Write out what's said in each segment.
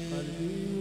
Hallelujah.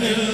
من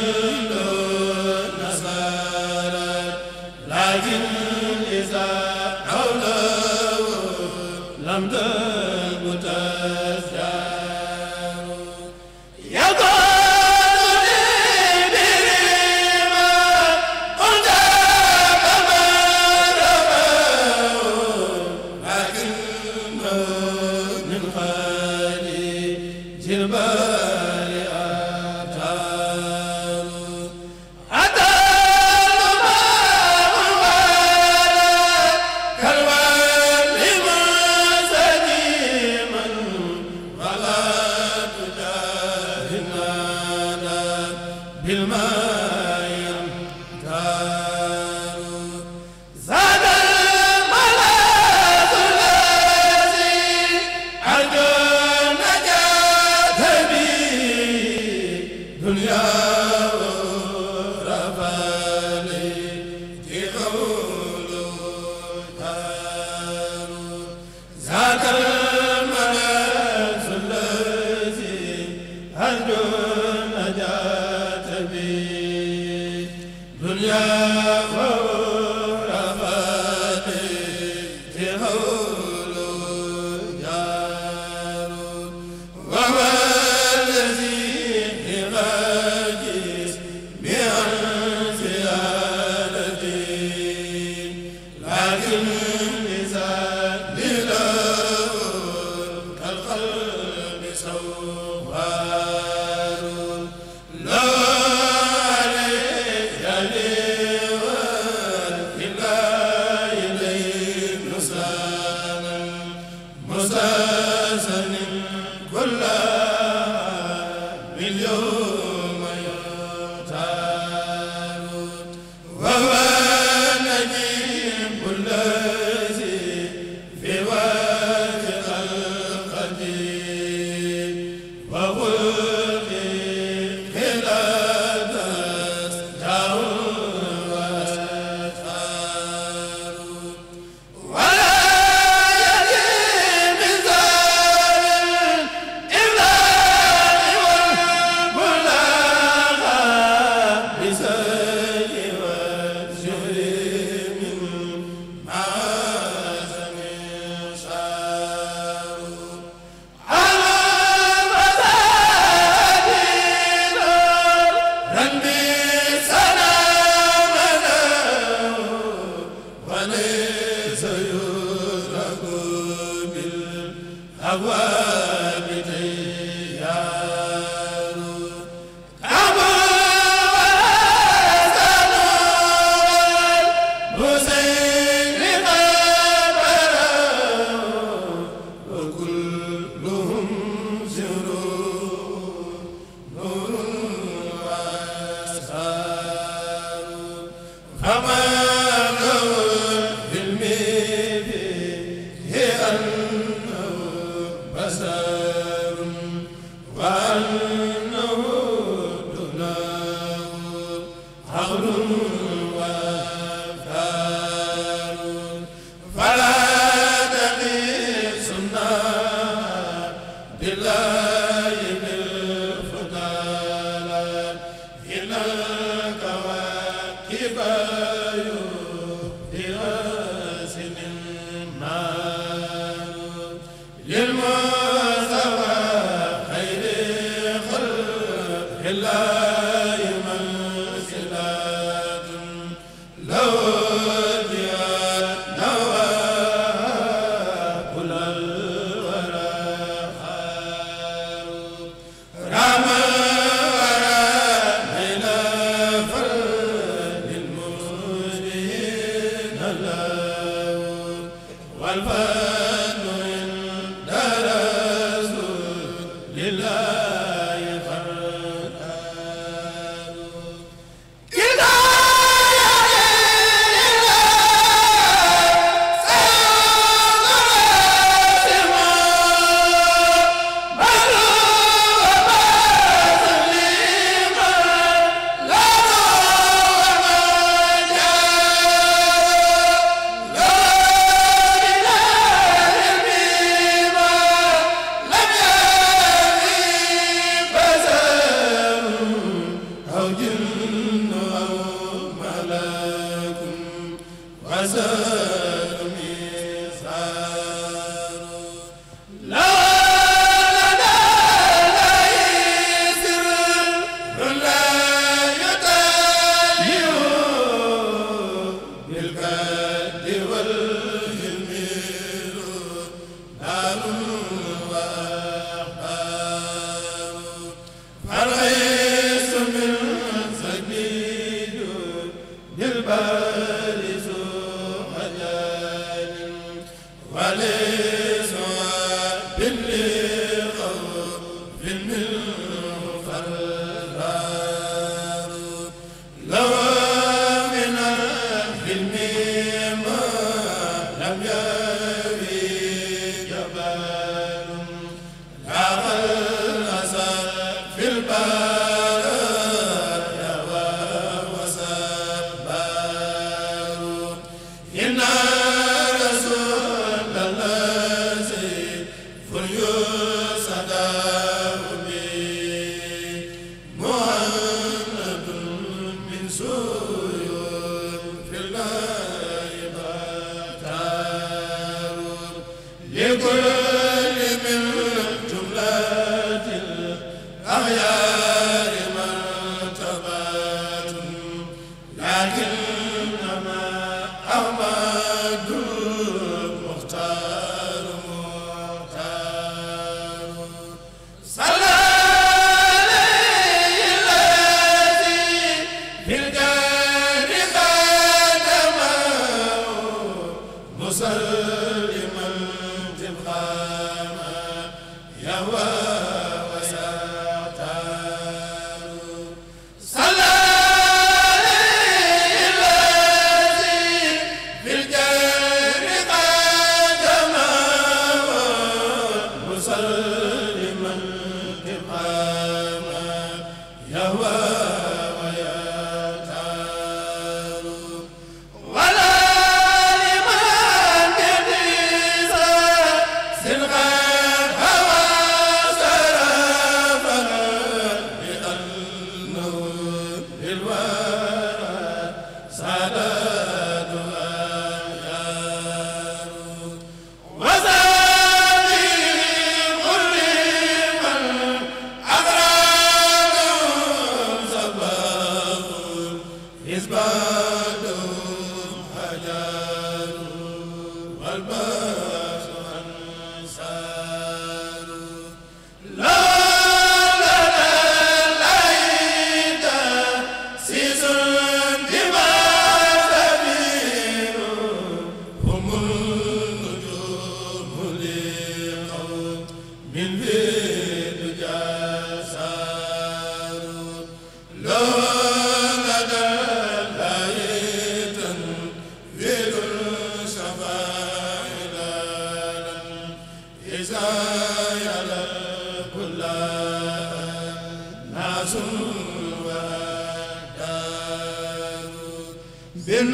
benn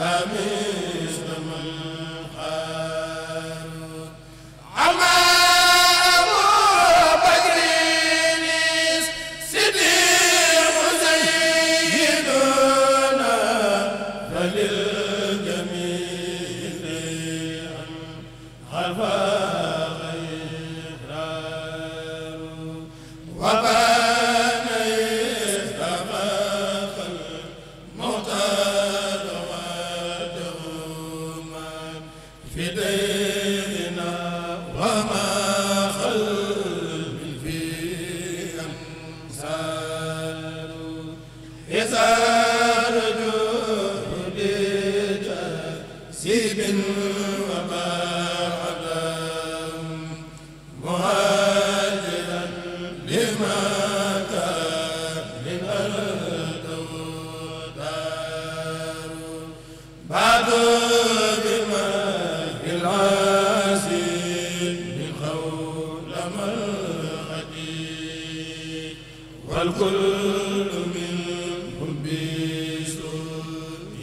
amiin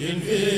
in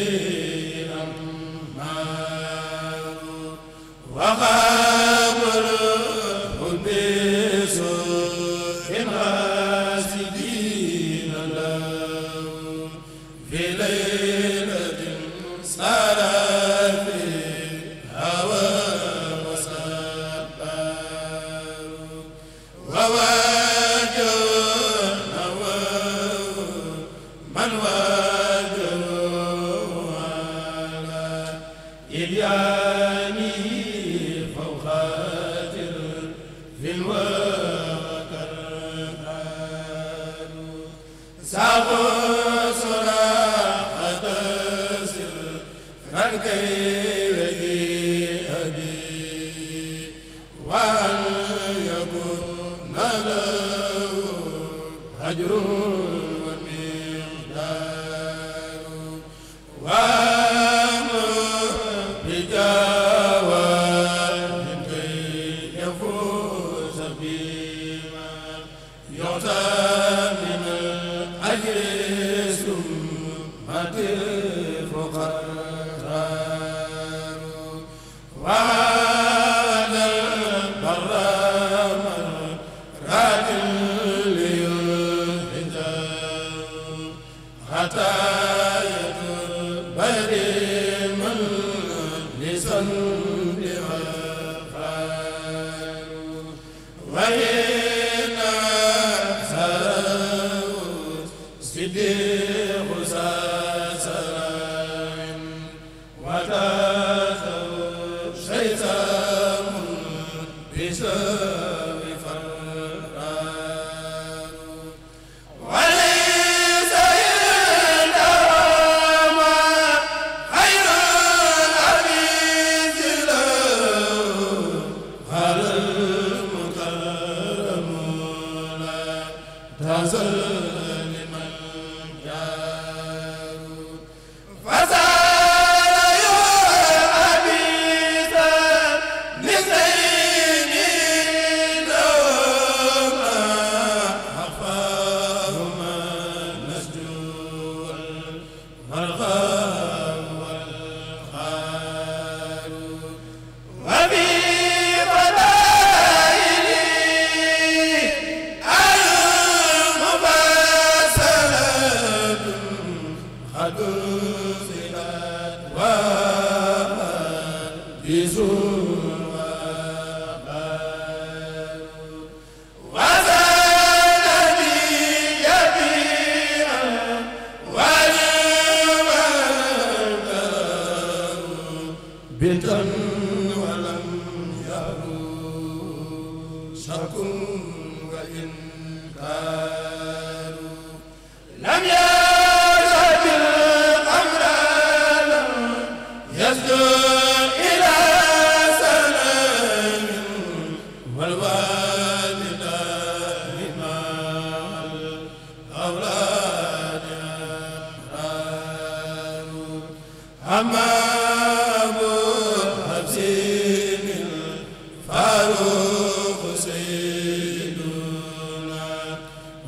ma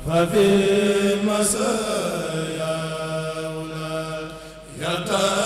ففي المسايا لا يتأخر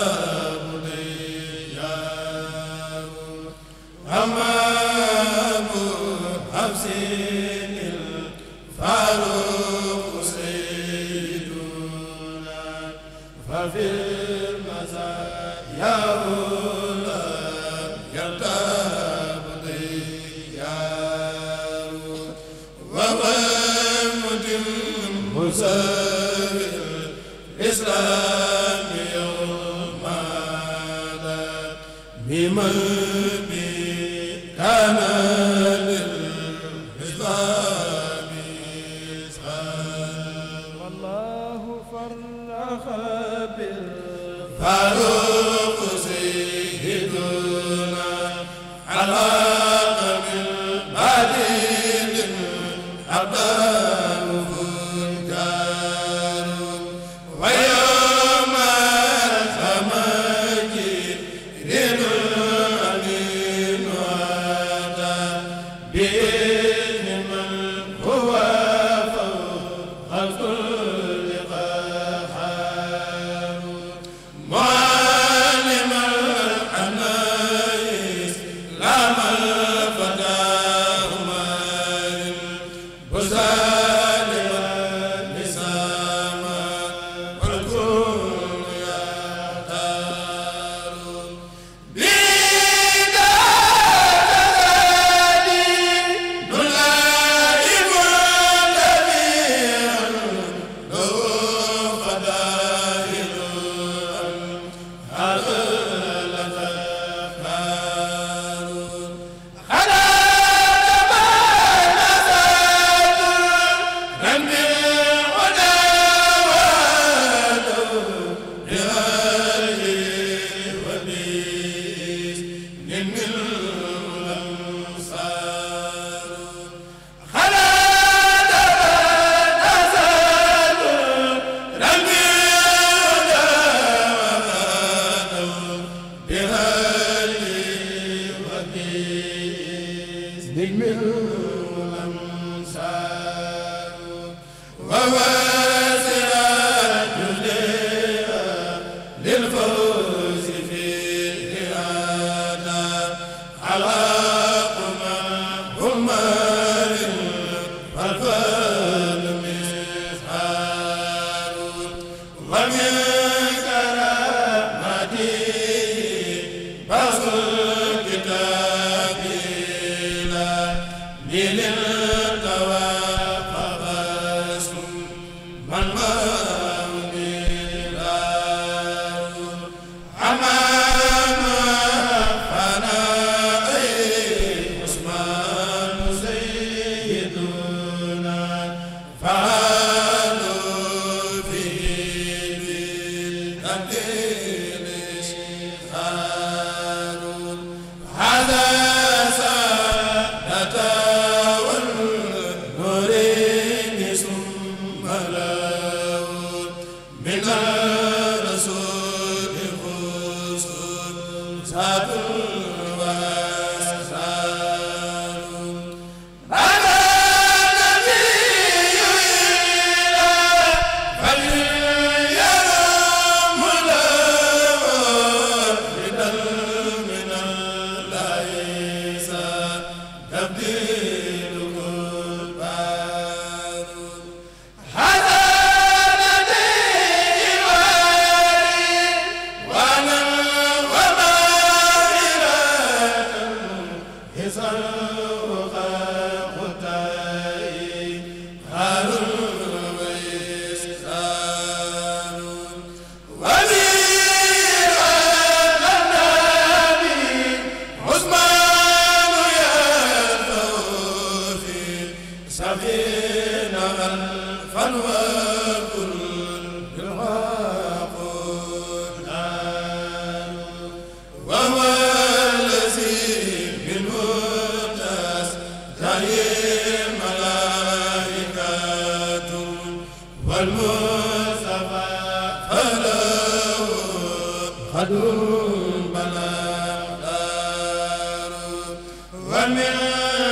wa min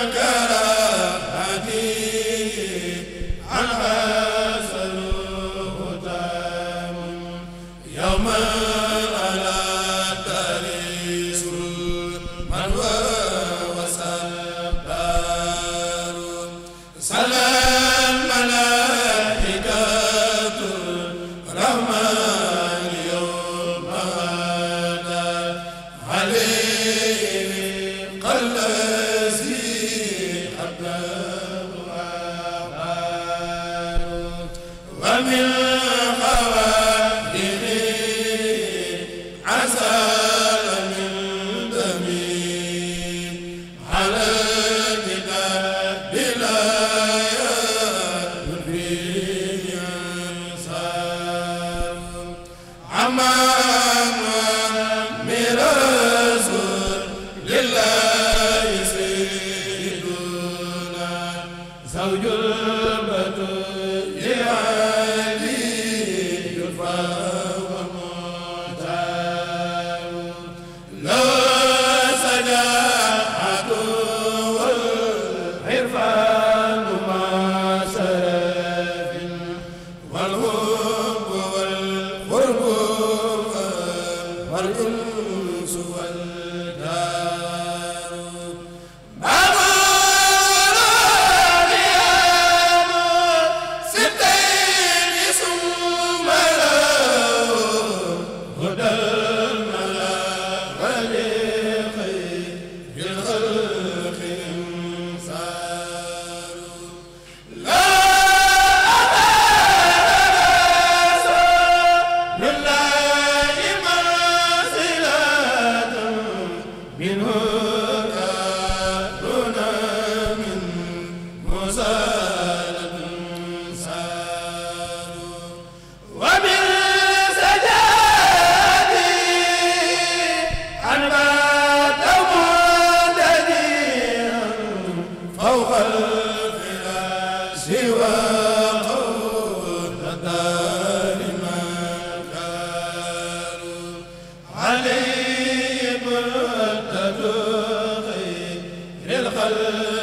la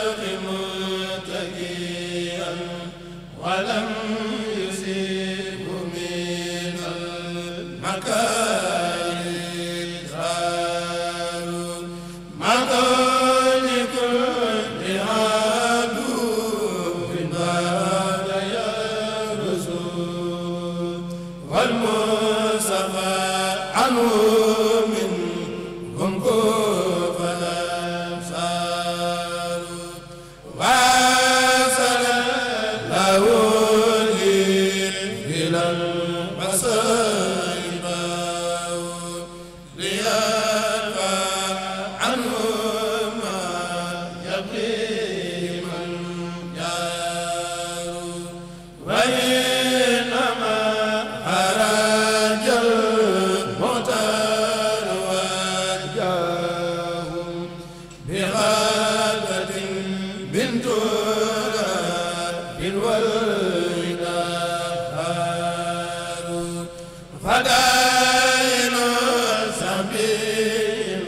الرحيم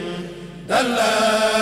دلّا